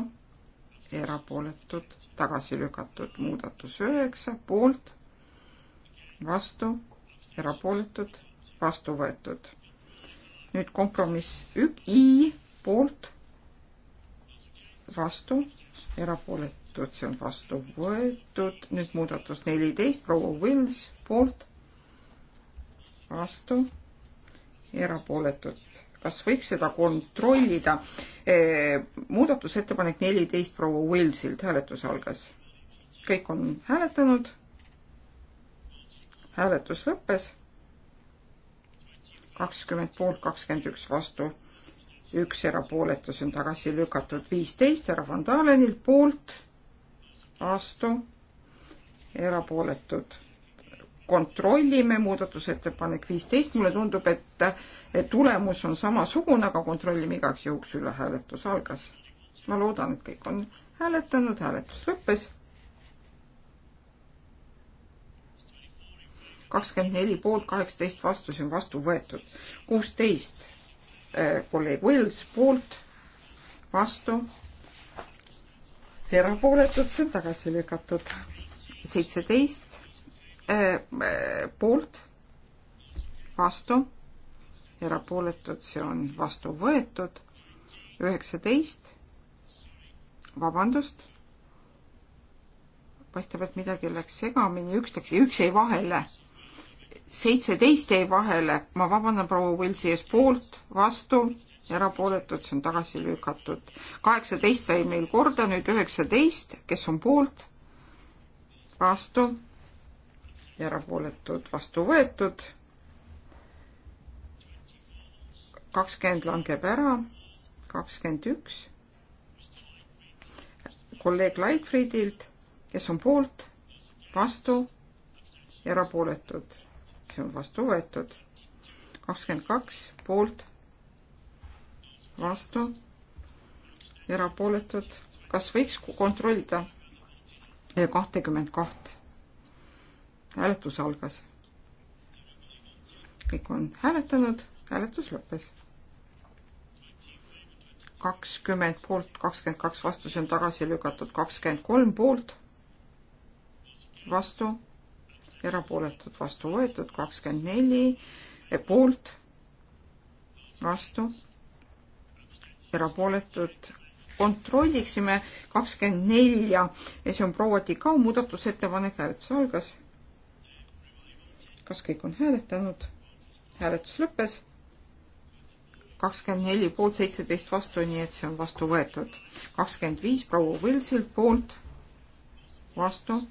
erapooletud, tagasi lükatud, muudatus üheksa poolt, vastu, erapooletud, vastu võetud. nüüd kompromiss ük-, I poolt vastu, erapooletud, see on vastu võetud, nüüd muudatus neliteist, proua Vils poolt, vastu, erapooletud. kas võiks seda kontrollida? Eh, muudatusettepanek neliteist proua Vilsilt, hääletus algas. kõik on hääletanud. hääletus lõppes. kakskümmend poolt, kakskümmend üks vastu üks erapooletus on tagasi lükatud, viisteist härra Van Dalenilt poolt, vastu, erapooletud. kontrollime muudatusettepanek viisteist, mulle tundub, et tulemus on samasugune, aga kontrollime igaks juhuks üle, hääletus algas. ma loodan, et kõik on hääletanud, hääletus lõppes. kakskümmend neli poolt, kaheksateist vastu, see on vastu võetud. kuusteist Äh, kolleeg Wills poolt, vastu, erapooletud, see on tagasi lükatud. seitseteist äh, äh, poolt, vastu, erapooletud, see on vastu võetud. üheksateist, vabandust, paistab, et midagi läks segamini, üks läks, üks jäi vahele seitseteist jäi vahele, ma vabandan proua Vilsi ees poolt, vastu, erapooletud, see on tagasi lükatud. kaheksateist sai meil korda, nüüd üheksateist, kes on poolt, vastu, erapooletud, vastu võetud. kakskümmend langeb ära, kakskümmend üks kolleeg Leitfriedilt, kes on poolt, vastu, erapooletud, on vastu võetud. kakskümmend kaks poolt, vastu, erapooletud. kas võiks kontrollida kahtekümmend kaht? hääletus algas. kõik on hääletanud, hääletus lõppes. kakskümmend poolt, kakskümmend kaks vastu, see on tagasi lükatud, kakskümmend kolm poolt, vastu erapooletud, vastu võetud, kakskümmend neli eh, poolt, vastu, erapooletud, kontrolliksime kakskümmend nelja ja see on proua Tikau muudatusettepanek, hääletus algas. kas kõik on hääletanud? hääletus lõppes. kakskümmend neli poolt, seitseteist vastu, nii et see on vastu võetud. kakskümmend viis proua Võltsilt poolt, vastu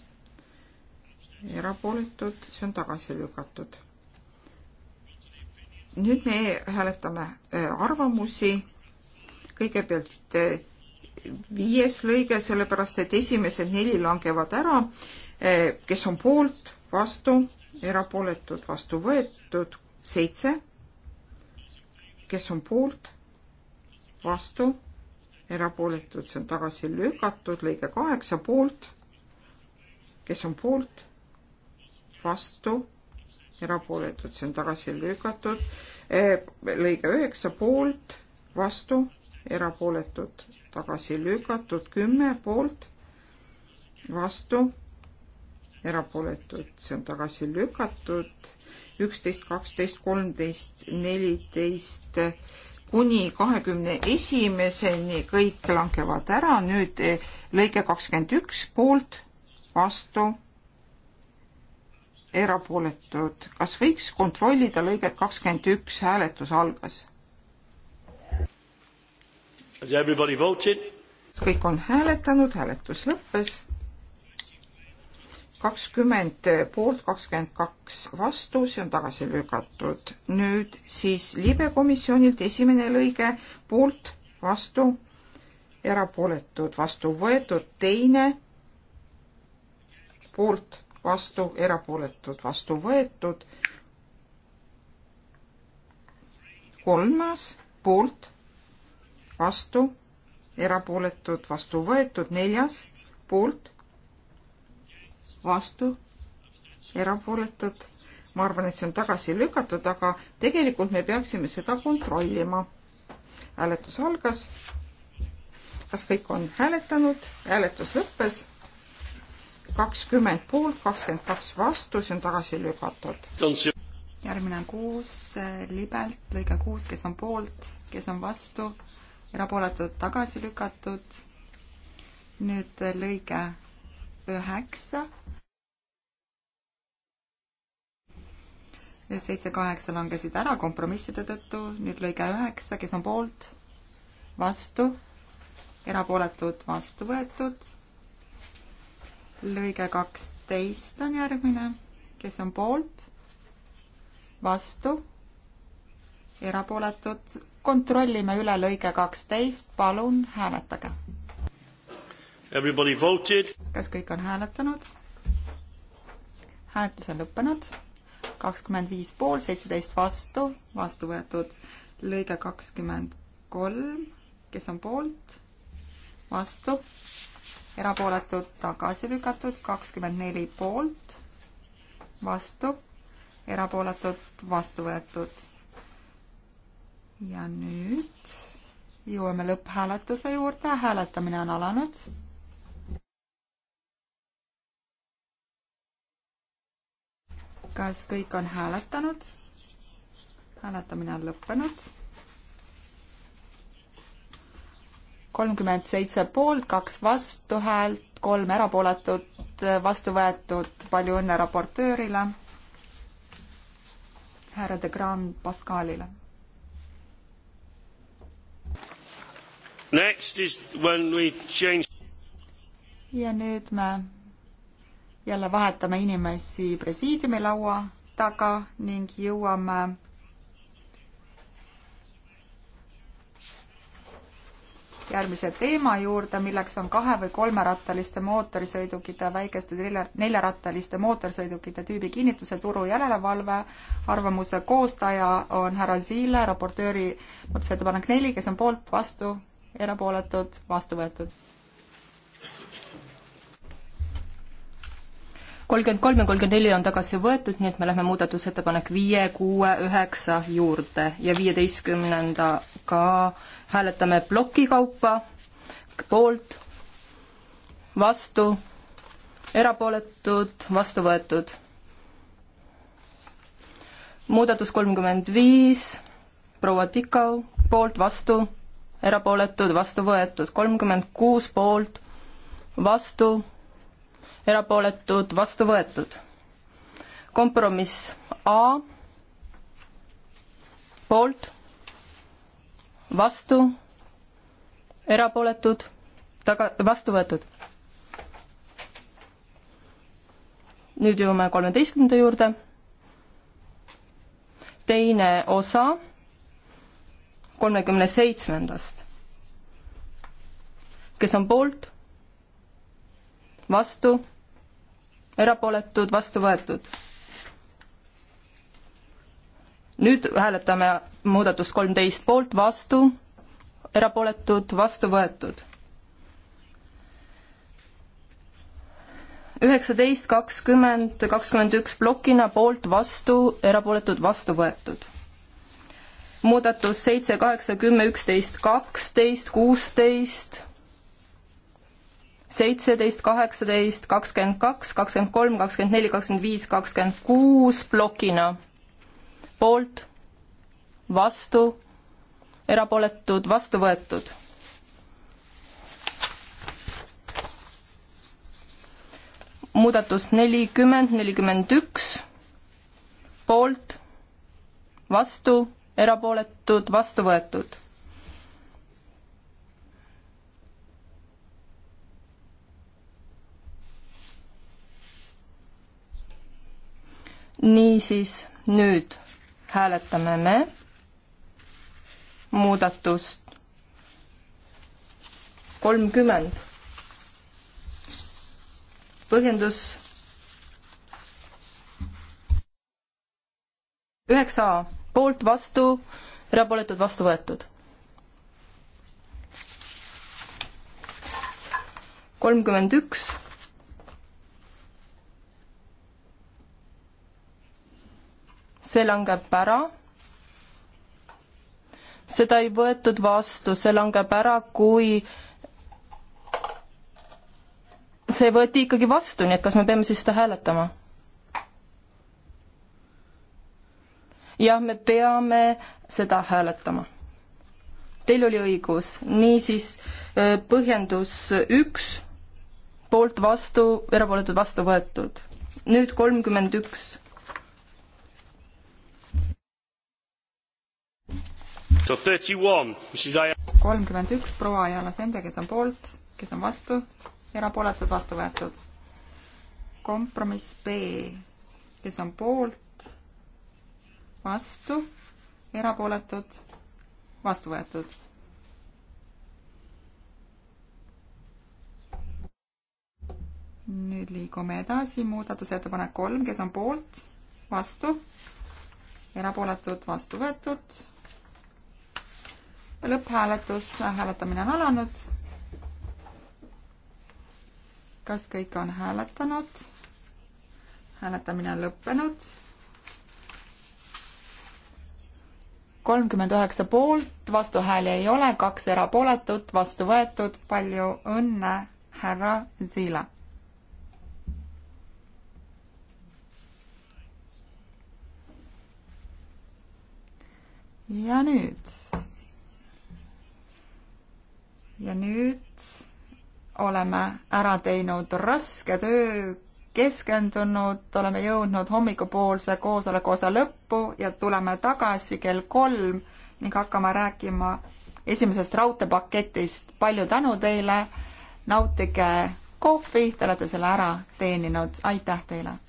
erapooletud, see on tagasi lükatud. nüüd me hääletame äh, arvamusi. kõigepealt äh, viies lõige, sellepärast et esimesed neli langevad ära. Äh, kes on poolt, vastu, erapooletud, vastu võetud, seitse. kes on poolt, vastu, erapooletud, see on tagasi lükatud, lõige kaheksa poolt. kes on poolt, vastu, erapooletud, see on tagasi lükatud. E, lõige üheksa poolt, vastu, erapooletud, tagasi lükatud, kümme poolt, vastu, erapooletud, see on tagasi lükatud, üksteist, kaksteist, kolmteist, neliteist kuni kahekümne esimeseni kõik langevad ära, nüüd e, lõige kakskümmend üks poolt, vastu erapooletud. kas võiks kontrollida lõiget kakskümmend üks, hääletus algas. kas kõik on hääletanud, hääletus lõppes. kakskümmend poolt, kakskümmend kaks vastu, see on tagasi lükatud. nüüd siis libekomisjonilt esimene lõige poolt, vastu, erapooletud, vastu võetud, teine poolt vastu, erapooletud, vastu võetud. kolmas poolt, vastu, erapooletud, vastu võetud, neljas poolt, vastu, erapooletud. ma arvan, et see on tagasi lükatud, aga tegelikult me peaksime seda kontrollima. hääletus algas. kas kõik on hääletanud? hääletus lõppes kakskümmend poolt, kakskümmend kaks vastu, see on tagasi lükatud. järgmine on kuus eh, libelt, lõige kuus, kes on poolt, kes on vastu, erapooletud tagasi lükatud. nüüd eh, lõige üheksa. seitse-kaheksa langesid ära kompromisside tõttu, nüüd lõige üheksa, kes on poolt, vastu, erapooletud, vastu võetud lõige kaksteist on järgmine, kes on poolt, vastu, erapooletud, kontrollime üle lõige kaksteist, palun hääletage. kas kõik on hääletanud? hääletus on lõppenud, kakskümmend viis pool, seitseteist vastu, vastu võetud lõige kakskümmend kolm, kes on poolt, vastu, erapooletud tagasi lükatud, kakskümmend neli poolt, vastu, erapooletud vastu võetud. ja nüüd jõuame lõpphääletuse juurde, hääletamine on alanud. kas kõik on hääletanud? hääletamine on lõppenud kolmkümmend seitse poolt, kaks vastuhäält, kolm erapooletut, vastu võetud, palju õnne raportöörile, härra de Grand Pascalile. Next is when we change ja nüüd me jälle vahetame inimesi presiidiumi laua taga ning jõuame järgmise teema juurde, milleks on kahe- või kolmerattaliste mootorsõidukite, väikeste neljarattaliste mootorsõidukite tüübi kinnituse turu järelevalve. arvamuse koostaja on härra Ziile, raportööri muudatusettepanek neli, kes on poolt, vastu, erapooletud, vastu võetud kolmkümmend kolm ja kolmkümmend neli on tagasi võetud, nii et me lähme muudatusettepanek viie, kuue, üheksa juurde ja viieteistkümnenda ka hääletame ploki kaupa, poolt, vastu, erapooletud, vastu võetud. muudatus kolmkümmend viis, proua Tikau, poolt, vastu, erapooletud, vastu võetud, kolmkümmend kuus poolt, vastu erapooletud, vastu võetud. kompromiss A, poolt, vastu, erapooletud, taga, vastu võetud. nüüd jõuame kolmeteistkümnenda juurde. teine osa kolmekümne seitsmendast. kes on poolt, vastu erapooletud, vastu võetud. nüüd hääletame muudatust kolmteist poolt, vastu, erapooletud, vastu võetud. üheksateist, kakskümmend, kakskümmend üks plokina poolt, vastu, erapooletud, vastu võetud. muudatus seitse, kaheksa, kümme, üksteist, kaksteist, kuusteist seitseteist, kaheksateist, kakskümmend kaks, kakskümmend kolm, kakskümmend neli, kakskümmend viis, kakskümmend kuus plokina. poolt, vastu, erapooletud, vastu võetud. muudatus nelikümmend, nelikümmend üks, poolt, vastu, erapooletud, vastu võetud niisiis nüüd hääletame me muudatust kolmkümmend. põhjendus üheksa A, poolt, vastu, erapooletud, vastu võetud. kolmkümmend üks see langeb ära. seda ei võetud vastu, see langeb ära, kui see võeti ikkagi vastu, nii et kas me peame siis seda hääletama? jah, me peame seda hääletama. Teil oli õigus, niisiis äh, põhjendus üks, poolt vastu, erapooletud vastu võetud. nüüd kolmkümmend üks kolmkümmend üks proua Ajala Sende, kes on poolt, kes on vastu, erapooletud, vastu võetud. kompromiss B, kes on poolt, vastu, erapooletud, vastu võetud. nüüd liigume edasi, muudatusettepanek kolm, kes on poolt, vastu, erapooletud, vastu võetud lõpphääletus, hääletamine on alanud. kas kõik on hääletanud? hääletamine on lõppenud. kolmkümmend üheksa poolt, vastuhääli ei ole, kaks erapooletut, vastu võetud, palju õnne, härra Zila. ja nüüd ja nüüd oleme ära teinud raske töö, keskendunud, oleme jõudnud hommikupoolse koosoleku osa lõppu ja tuleme tagasi kell kolm ning hakkame rääkima esimesest raudteepaketist. palju tänu teile, nautige kohvi, te olete selle ära teeninud, aitäh teile!